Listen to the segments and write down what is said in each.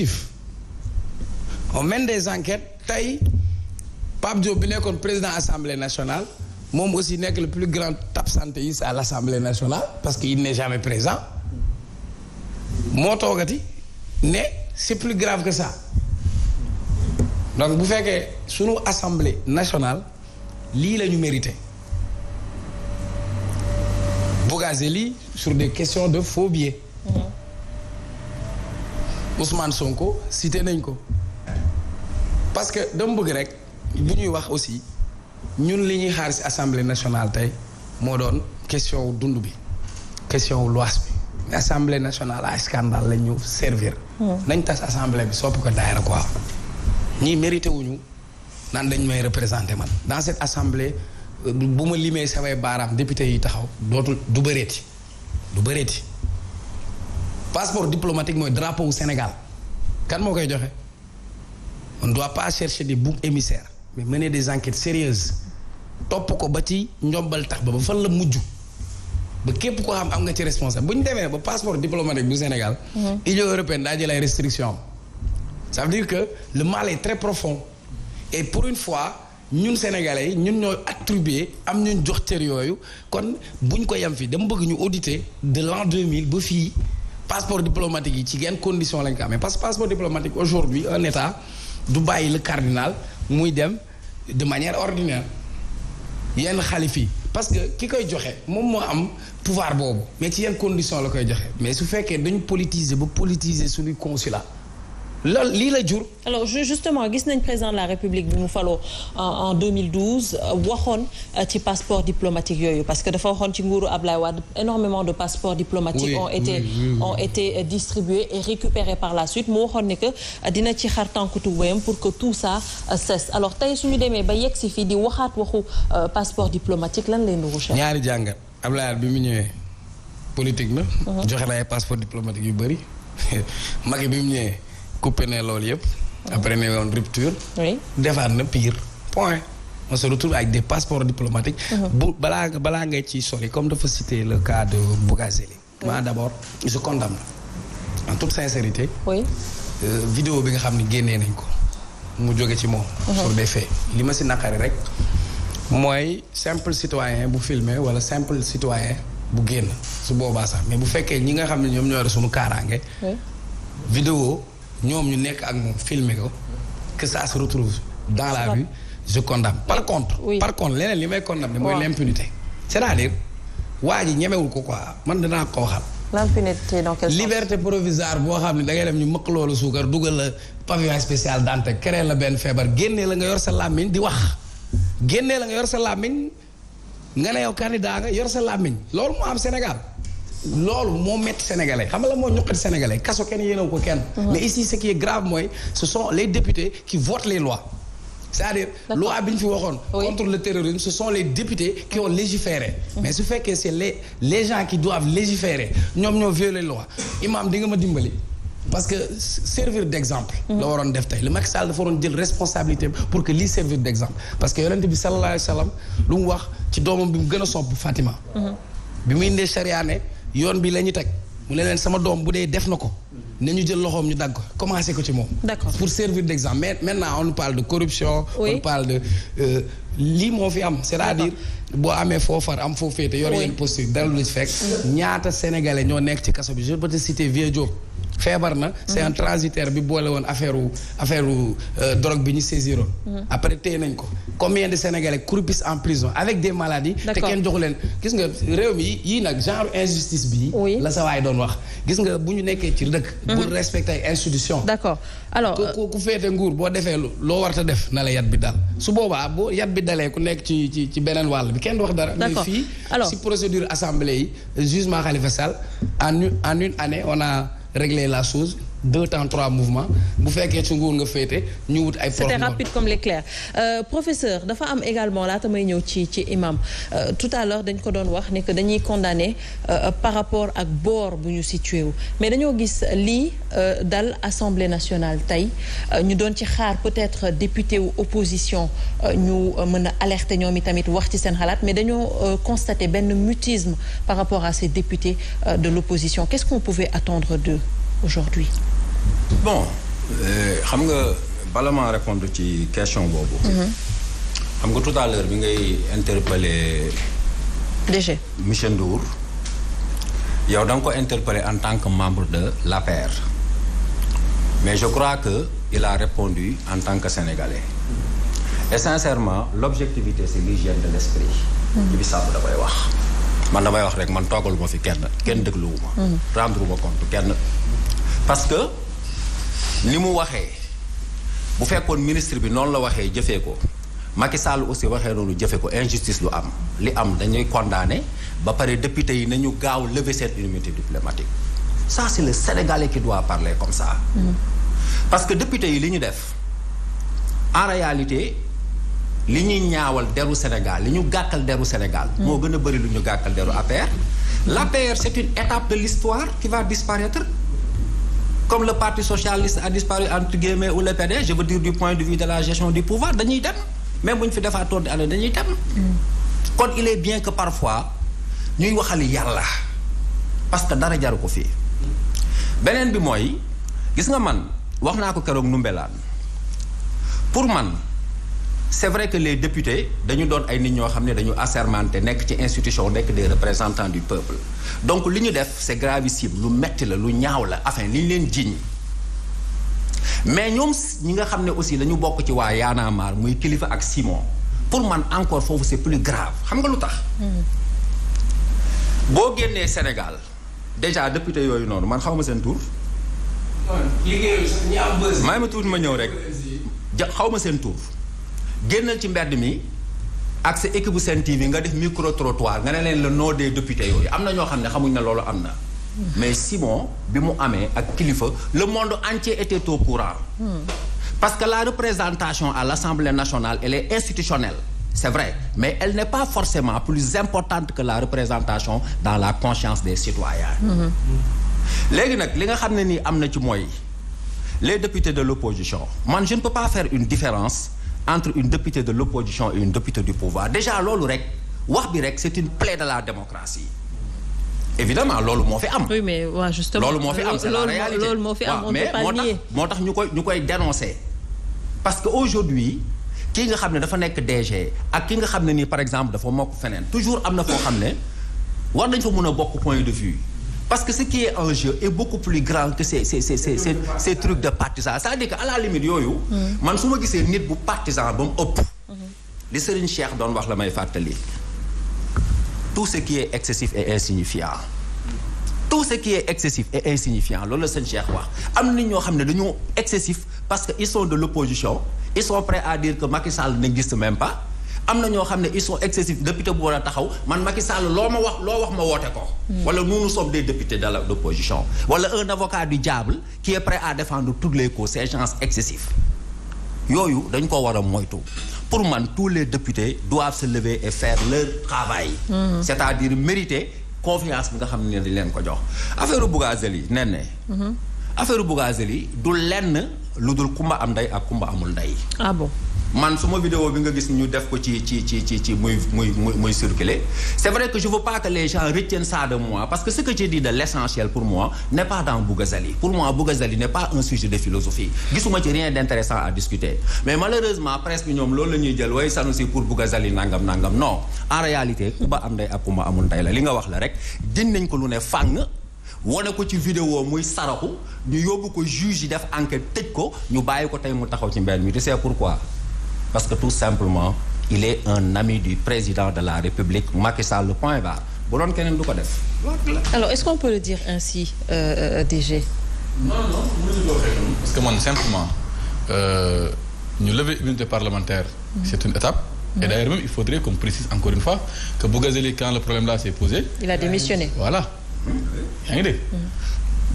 effectif on mène des enquêtes tey Pape bi nekkoon président assemblée nationale moom aussi nekk le plus grand absentéiste à l' assemblée nationale parce que il n' est jamais présent moo toogati ne c' est plus grave que ça donc bu fekkee sunu assemblée nationale lii la ñu mérité Bougazeli sur des questions de faux Ousmane Sonko cité nañ ko parce que dama bëgg rek bu ñuy wax aussi ñun li ñuy xaalis ci assemblée nationale tey moo doon question wu dund bi question wu luwaas bi mais assemblée nationale à scandale la servir. Hmm. nañ tas assemblée bi soppi ko daayira quoi ñii mérité wuñu naan dañ may représenter man dans cette assemblée euh, bu ma limee samay baaraam député yi taxaw dootu du bëreeti du bëreeti. passeport diplomatique mooy drapeau wu Sénégal kan moo koy joxe on doit pas chercher des boucs émissaires mais mener des enquêtes sérieuses topp ko ba ci njombal tax ba ba fan la mujj ba képp koo xam am nga ci responsable bu ñu demee ba passeport diplomatique bu Sénégal. Mhm. Union européenne daa jël ay restrictions am. dire que le mal très profond et pour une fois ñun sénégalais yi ñun ñoo attribué am ñun jox cër yooyu kon buñ ko yem fii dama bëgg ñu auditer de l'an 2000 ba fii. passeport diplomatique yi ci yenn condition lañ ko amee parce que passeport diplomatique aujourd'hui un état du bàyyi la cardinal muy dem de manière ordinaire yenn xalif yi parce que ki koy joxe moom moo am pouvoir boobu mais ci yenn condition la koy joxe mais su fekkee dañu politiser ba politiser suñuy consulat loolu lii la jur. alors justement gis nañ président la république bi mu falo euh, en 2012 euh, waxoon euh, ci passeport diplomatique yooyu parce que dafa waxoon ci nguuru ab Wade énormément de passeports diplomatiques oui, ont été oui, oui, ont et récupérés par la suite mu waxoon ne que dina ci xar tànkutu wéyam pour que tout ça cesse alors tey suñu demee ba yegg si fii di waxaat waxu passeport diplomatique lan leen nuru cher. ñaari jàngat Ablaye Wade bi mu ñëwee politique na. Uh-huh. joxe na ay passeport diplomatique yu bëri Macky bi coupé ne loolu yëpp. après ne woon rupture. defaat na pire point. on se retrouve avec des passeports diplomatiques. Uh-huh. bu balaa balaa ngay ci sori comme dafa citer le cas de Bougazelli. moi d'abord je condamne en toute sincérité. oui. Euh, bi nga xam ne génnee nañ ko mu jóge ci moom. Uh-huh. sur des faits li ma si naqari rek mooy simple citoyen bu filmer wala simple citoyen bu génn su boobaa sax mais bu fekkee ñi nga xam ne ñoom ñoo yore suñu kaaraange. vidéo ñoom ñu nekk ak moom filmer ko que ça se retrouve dans la rue je condamne par contre par contre leneen li may condamner mooy l'impunité c'est-à-dire waa ji ñemewul ko ko quoi man dinaa ko waxal l'impunité dans quel sens liberté provisoire boo xam ne da ngay dem ñu mëq loolu suukar dugal la pavillon spécial Dantec keree la benn feebar génnee la nga yor sa làmmiñ di wax génnee la nga yor sa làmmiñ nga ne yow candidat nga yor sa làmmiñ loolu moo am Sénégal loolu moo métti sénégalais xam nga moo ñoqati sénégalais kaso kenn yéenewu ko kenn. mais ici ce qui est grave mooy ce sont les députés qui votent les lois. c'est-à-dire loi bi ñu fi waxoon. contre le terrorisme ce sont les députés qui ont légiféré. Mm-hmm. mais su fekkee c'est les les gens qui doivent légiférer ñoom ñoo violer loi imam di nga ma dimbali. parce que servir d'exemple mm-hmm. la waroon def tey le ma Sall dafa waroon jël responsabilité pour que lii servir d'exemple parce que yonent bi sallallahu alayhi wa sallam mu wax ci doomam bi mu gën a sopp Fatima. Mm-hmm. yoon bi la ñu teg mu ne leen sama doom bu dee def na ko mhm. ñu jël loxoom ñu dagg ko commencé ko ci moom. d'accord pour servir d'exemple mais maintenant on parle de corruption. Oui. on parle de euh, lii moo fi am. c'est-à-dire boo amee foofar am foo féete. yor yenn posture dara lu ci fekk. ñaata sénégalais ñoo nekk ci kaso bi je peux te citer Vieux Diop. feebar na c'est un transitaire bi boole woon affaire wu affaire euh, drogue bi ñu saisiroon mhm. après téye nañ ko combien de sénégalais croupissent en prison avec des maladies te kenn joxu leen gis nga réew mi yii nag genre injustice bi la sa waay doon wax gis nga bu ñu nekkee ci dëkk mhm. pour respecter ay institution d'accord ku ku féete nguur boo defee loo warta def na la yat bi daal su boobaa boo yat bi dalee ku nekk ci ci ci beneen wàll bi kenn du wax dara mais fii si procédure assemblée yi jugement Khalifa Sall en en une année on a régler la chose deux temps trois mouvements bu fekkee ci nguur nga féete ñu wut ay. c'était rapide comme l'éclair euh, professeur dafa am également laata may ñëw ci ci imam euh, tout à l'heure dañ ko doon wax ne que dañuy condamné euh, par rapport ak boor bu ñu situé wu mais dañoo gis lii euh, dal assemblée nationale tey euh, ñu doon ci xaar peut-être député wu opposition ñu mën a alerte ñoom i tamit wax ci seen xalaat mais dañoo constaté benn mutisme par rapport à ces députés de l'opposition qu'est-ce qu'on pouvait attendre d'eux aujourd'hui bon euh, xam nga bala maa ci question boobu. Mhm. xam nga tout à bi ngay interpeller DG monsieur Ndour yow da nga ko interpeller en tant que membre de l'APR mais je crois que il a répondu en tant que sénégalais et sincèrement l'objectivité c'est gène de l'esprit ji mhm. bi sàmm damay wax man damay wax rek man toogalu ma fi kenn kenn dégluwu ma mhm. rendre ma compte kenn parce que ni mu waxee bu fekkoon ministre bi noonu la waxee jëfee ko Macky Sall aussi waxee noonu jëfe ko injustice lu am li am dañuy kondaane ba pare député yi nañu gaaw lever cette immunité diplomatique ça c'est le Sénégalais qui doit parler comme ça mm. parce que député yi li ñu def en réalité li ñuy ñaawal deru Sénégal li ñu gàttal deru Sénégal mm. moo gën a bëri lu ñu gàkkal deru APR mm. l'APR c'est une étape de l'histoire qui va disparaître comme le parti socialiste a disparu entre guillemets ou le je veux dire du point de vue de la gestion du pouvoir dañuy dem même bu ñu fi defaa tourdi àll dañuy dem kon il est bien que parfois ñuy waxali yàlla parce que dara jaru ko fi beneen bi mooy gis nga man wax naa ko keroog numbelaan pour man c'est vrai que les députés dañu doon ay nit ñoo xam ne dañu assermenté nekk ci institution nekk des représentants du peuple donc li ñu def c'est gravissime lu metti la lu ñaaw la afin li ñu leen jiiñ mais ñoom ñi nga xam ne aussi dañu bokk ci waa yaanaamaar muy kilifa ak Simon pour man encore foofu c'est plus grave xam nga lu tax hmm. boo génnee Sénégal déjà député yooyu noonu man xaw ma seen tur liggéey ma tuuti ma ñëw rek xaw ma seen tur génnal ci mbedd mi ak sa équipe bu TV nga def micro trottoir nga ne leen le nom des députés yooyu am na ñoo xam ne xamuñ na loolu am na. mais Simon bi mu amee ak kilifa le monde entier était au courant. Hmm. parce que la représentation à l'Assemblée nationale elle est institutionnelle. c'est vrai mais elle n'est pas forcément plus importante que la représentation dans la conscience des citoyens. Hmm. léegi nag li nga xam ne nii am na ci mooy les députés de l'opposition man je ne peux une différence. entre une députée de l'opposition et une députée du pouvoir déjà loolu rek wax bi rek c'est une plaie de la démocratie évidemment loolu moo fi am. mais waaw justement loolu moo fi am c'est la moo fi am on peut moo tax ñu koy ñu koy dénoncer parce que aujourd'hui ki nga xam ne dafa nekk DG ak ki nga xam ne nii par exemple dafa mokk feneen toujours am na foo xam ne war nañ fa mun a bokk point de vue. parce que ce qui est en jeu est beaucoup plus grand que ces ces de partisan c'est-à-dire que à la limite yooyu. man su ma gisee nit bu partisan ba mu ëpp. li Serigne Cheikh doon wax la may fàttali. tout ce qui est excessif et insignifiant. tout ce qui est excessif est insignifiant loolu la Serigne Cheikh wax am na ñoo xam ne dañoo excessif parce que ils sont de l'opposition ils sont prêts à dire que Macky Sall n'existe même pas. am na ñoo xam ne ils sont excessifs député bu war a taxaw man ma Macky Sall loo ma wax loo wax ma woote ko. wala nous soob sommes député députés de l'opposition wala un avocat du diable qui est prêt à défendre toutes les causes ces yooyu dañ ko war a moytu pour man tous les députés doivent se lever et fair leur travail. Mm -hmm. c'est-à-dire mériter confiance bi nga xam ne dañ leen ko jox affaire Bougazelli nee na. Mhm. affaire Bougazelli du lenn lu dul kumba am ndey ak kumba amul ndey. Ah man suma vidéo bi nga gis ñu def ko ci ci ci ci ci muy muy muy circuler c'est vrai que je veux pas que les gens retiennent ça de moi parce que ce que je dis de l'essentiel pour moi n'est pas dans Bougazali pour moi Bougazali n'est pas un sujet de philosophie gisuma ci rien d'intéressant à discuter mais malheureusement presque ñoom loolu la jël way Sanoussi pour Bougazali nangam nangam non en réalité ku ba am ndey ak ku ma amul ndey la li nga wax la rek din nañ ko lu ne fàng wane ko ci vidéo muy saraxu ñu yóbbu ko juge yi def enquête tëj ko ñu bàyyi ko tey mu taxaw ci mbedd mi tu sais pourquoi parce que tout simplement il est un ami du président de la République Macky Sall point barre bu doon keneen du ko def. alors est-ce qu'on peut le dire ainsi euh, euh non non mënuñu ko waxee noonu parce que man simplement euh, ñu euh, lever immunité parlementaire. Mhm. c'est une étape. et d'ailleurs même il faudrait qu'on précise encore une fois que Bougazeli quand le problème là s'est posé. il a démissionné voilà. yaa ngi dégg. Mhm.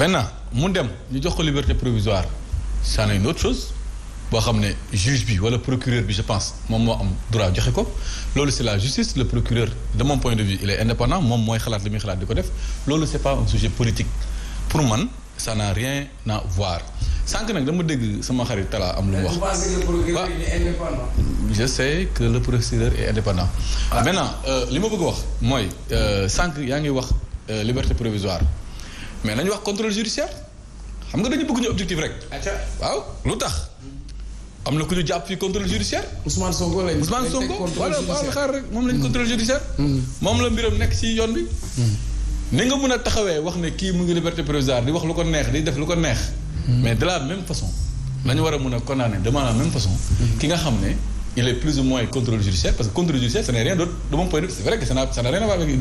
maintenant mu dem ñu jox ko liberté provisoire une autre chose. boo xam ne juge bi wala procureur bi je pense moom moo am droit joxe ko loolu c'est la justice le procureur de mon point de vue il est indépendant moom mooy xalaat li muy xalaat di ko def loolu c'est pas un sujet politique pour man ça n'a rien à voir sànq nag dama dégg sama xarit Talla am lu mu wax je sais que le procureur est indépendant ah. maintenant euh, li ma bëgg a wax mooy euh, sànq yaa ngi wax euh, liberté provisoire mais nañu wax contrôle judiciaire xam nga dañu bëgg ñu objectif rek waaw tax am na ku ñu jàpp fi contrôle judiciaire. Ousmane Sonko lañ. Ousmane Sonko wala xaar rek moom lañ contrôle judiciaire. Mm. Mm. moom la mbiram nekk ci yoon bi. Mm. ni nga mën a taxawee wax ne kii mu ngi liberté provisoire di wax lu ko neex di def lu ko neex. mais de la même façon. la war a mën a condamner de même façon. ki nga xam ne il est plus ou moins contrôle judiciaire parce que contrôle judiciaire ce rien d'autre de mon point de vue c'est vrai que n'a ça n'a rien à voir avec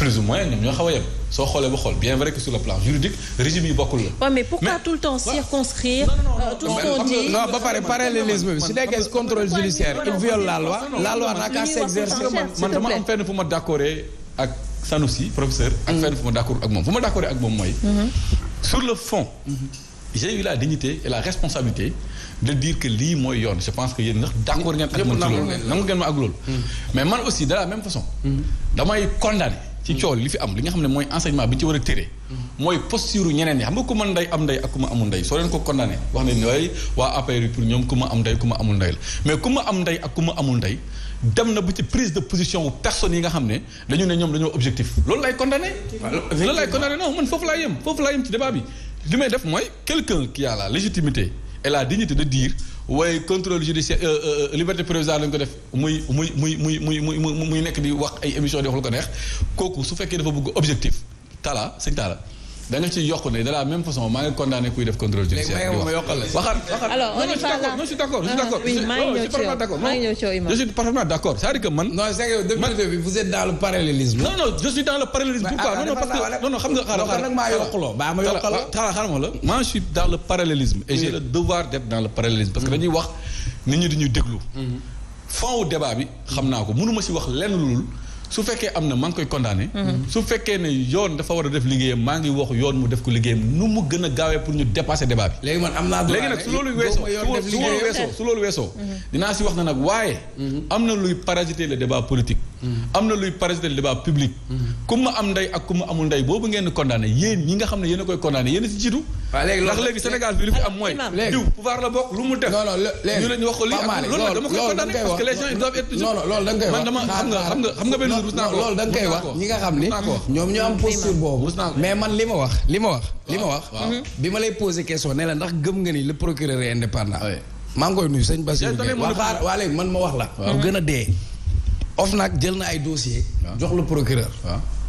plus ou moins ñoom ñoo a yem soo xoolee ba xool bien vrai que sur le plan juridique régime yi la. waaw mais pourquoi tout le man fenn fu ma d'accordé ak Sanoussi professeur. ak mm. fenn fu ma d'accord ak moom fu ma d'accordé ak moom mooy. Mm-hmm. sur le fond. Mm-hmm. j'ai eu la dignité et la responsabilité de dire que lii mooy yoon je pense que yéen ndax d'accord ngeen ak man nangu ngeen ma ak loolu mm. mais man aussi de la même façon mm. damay condamner ci coow li fi am li nga xam ne mooy enseignement bi ñu ci war a tere. Mm-hmm. mooy posture ñeneen ñi xam nga ku ma ndey am ndey ak ku ma amul ndey soo leen ko condamné wax ne ñooy waa APR pour ñoom am ndey ku ma amul ndey la mais ku ma am ndey ak ku ma amul ndey dem na ba ci prise de position wu personnes yi nga xam ne dañu ne ñoom dañoo objectif loolu lay condamné loolu lay condamné non man foofu laa yem foofu laa yem ci débat bi li may def mooy quelqu'un qui la légitimité et la dignité de dire waaye contrôle judiciaire euh, euh, euh, liberté provisoire lañ ko def muy muy muy muy muy mu muy nekk di wax ay émission di wax ko neex kooku su fekkee dafa bëgg objectif tala sëñ tala da ci yokk ne de la même façon maa ngi condamné kuy def contrôle judiciaire. léegi alors on est pas là non d'accord je ah, ci d'accord cest à je suis dans le parallélisme. pourquoi ah, non non ah, parce que non xam nga. xaaral xaaral maa yokkuloo baa ma yokkuloo. la. moi je suis dans le parallélisme. a j'ai le devoir d'être dans le parallélisme. parce que dañuy wax nit ñi dañuy déglu. Mm-hmm. fond débat bi xam naa ko mënuma ma si wax lenn loolu su fekkee am na maa ngi koy condamné. Mm-hmm. Mm-hmm. su fekkee ne yoon dafa war a def liggéeyam maa ngi wax yoon mu def ko liggéeyam nu mu gën a gaawee pour ñu dépasser débat bi. léegi man am naa léegi nag su loolu weesoo su loolu weesoo mm-hmm. dinaa si wax na nag waaye. am na luy parasiter le débat politique. am na luy parasiter le débat public. ku ma am ndey ak ku ma amul ndey boobu ngeen di condamné ñi nga xam ne yéen koy condamné yéen a si jiitu waaw léegi ndax léegi Sénégal bi lu am mooy. diw pouvoir la bokk lu mu def. wax ko koy da nga koy wax man dama xam nga xam nga xam nga benn jour. loolu da nga koy wax ñi nga xam ni. ñoom ñoo am boobu. mais man li ma wax li ma wax. li ma wax. Mm-hmm. bi ma lay posé question ne la ndax gëm nga ni le procureur est indépendant. maa ngi koy nuyu sëñ Bassirou Gueye waaw xaar waa léegi man ma wax la. bu gën a dee. of nag jël na ay dossier jox le procureur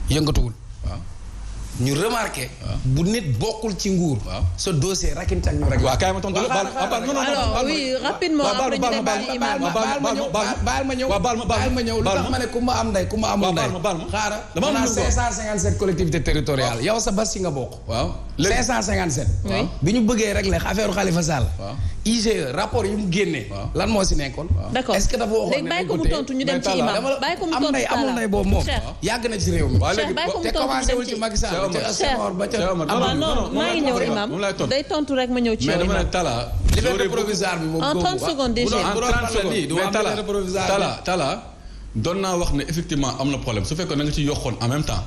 yëngatuwul ñu remarqué. bu nit bokkul ci nguur. waaw sa dossier rakin ak ñu rek. waaw kaay ma tontu baal non non alors oui rapidement après ñu dem baal ma baal ma baal ma baal ma ñëw lu tax ma ne ku ma am ndey ku ma amul ndey. xaaral dama am 557 collectivités territoriales yow sa bas si nga bokk waaw. léegi 557. waaw bi ñu bëggee régler affaire Khalifa Sall. waaw IGE rapport yu mu génnee. lan moo si nekkoon. d'accord est-ce que dafa waxoon ne bàyyi ko mu tontu ñu dem ci imam bàyyi ko mu tontu am nay na ci réew mi. waaw léegi te commencé wul ci Macky Sall ca Senghor ba ca. non non maa ngi ñëw imam day tontu rek ma ñëw ci yow imam mais liberté provisoire bi moom en 30 secondes déjà. en doon naa wax ne effectivement am na problème su fekkoon na ci yokkoon en même temps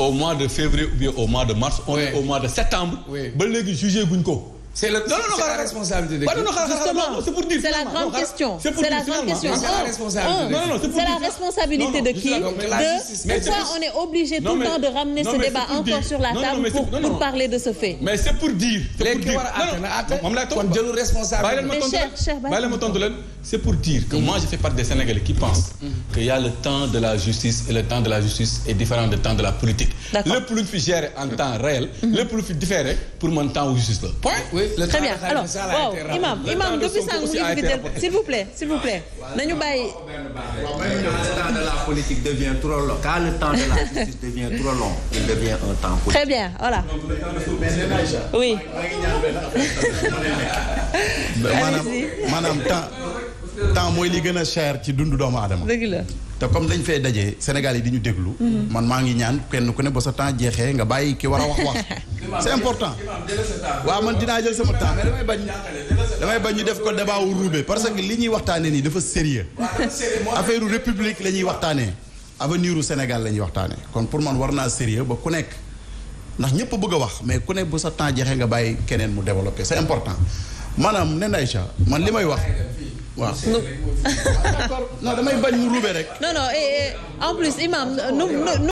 au mois de février ou bien au mois de mars. on est au mois de septembre. ba léegi jugé guñ ko. c'est la responsabilité de qui c'est pour dire c'est la grande question c'est la grande question c'est la responsabilité de qui de pourquoi on est obligé tout le temps de ramener ce débat encore sur la table pour parler de ce fait mais c'est pour dire c'est pour dire non non moom lay tontu kon jëlu responsabilité mais cher cher bàyyi ma tontu leen c'est pour dire que mm. moi je fais partie des Sénégalais qui pensent mm. qu'il y a le temps de la justice et le temps de la politique. lépp lu ñu fi gérer en temps réel. lépp lu fi différé pour man temps wu justice la. point oui de alors waaw imam imam depuis sànq mu ngi fi s'il vous plaît s'il vous plaît. Ah, le temps un temps politique. très bien voilà. oui. maanaam maanaam temps mooy li gën a cher ci dundu doomu adama dëgg la te comme dañ fay daje Sénégal yi di ñu déglu. Mhm. man maa ngi ñaan kenn ku ne ba sa temps jeexee nga bàyyi ki war a wax wax. important. waaw man dinaa jël sama temps bañ. damay bañ def ko débat wu ruube parce que li ñuy waxtaanee nii dafa sérieux affaire république la ñuy waxtaanee. avenir u Sénégal la ñuy waxtaanee kon pour man war naa sérieux ba ku nekk. ndax ñëpp bëgg wax mais ku ne bu sa temps jeexee nga bàyyi keneen mu développé c'est important maanaam nen Aïcha man li may wax. waaw d'accord non damay bañ mu ruube rek. non non et en plus imam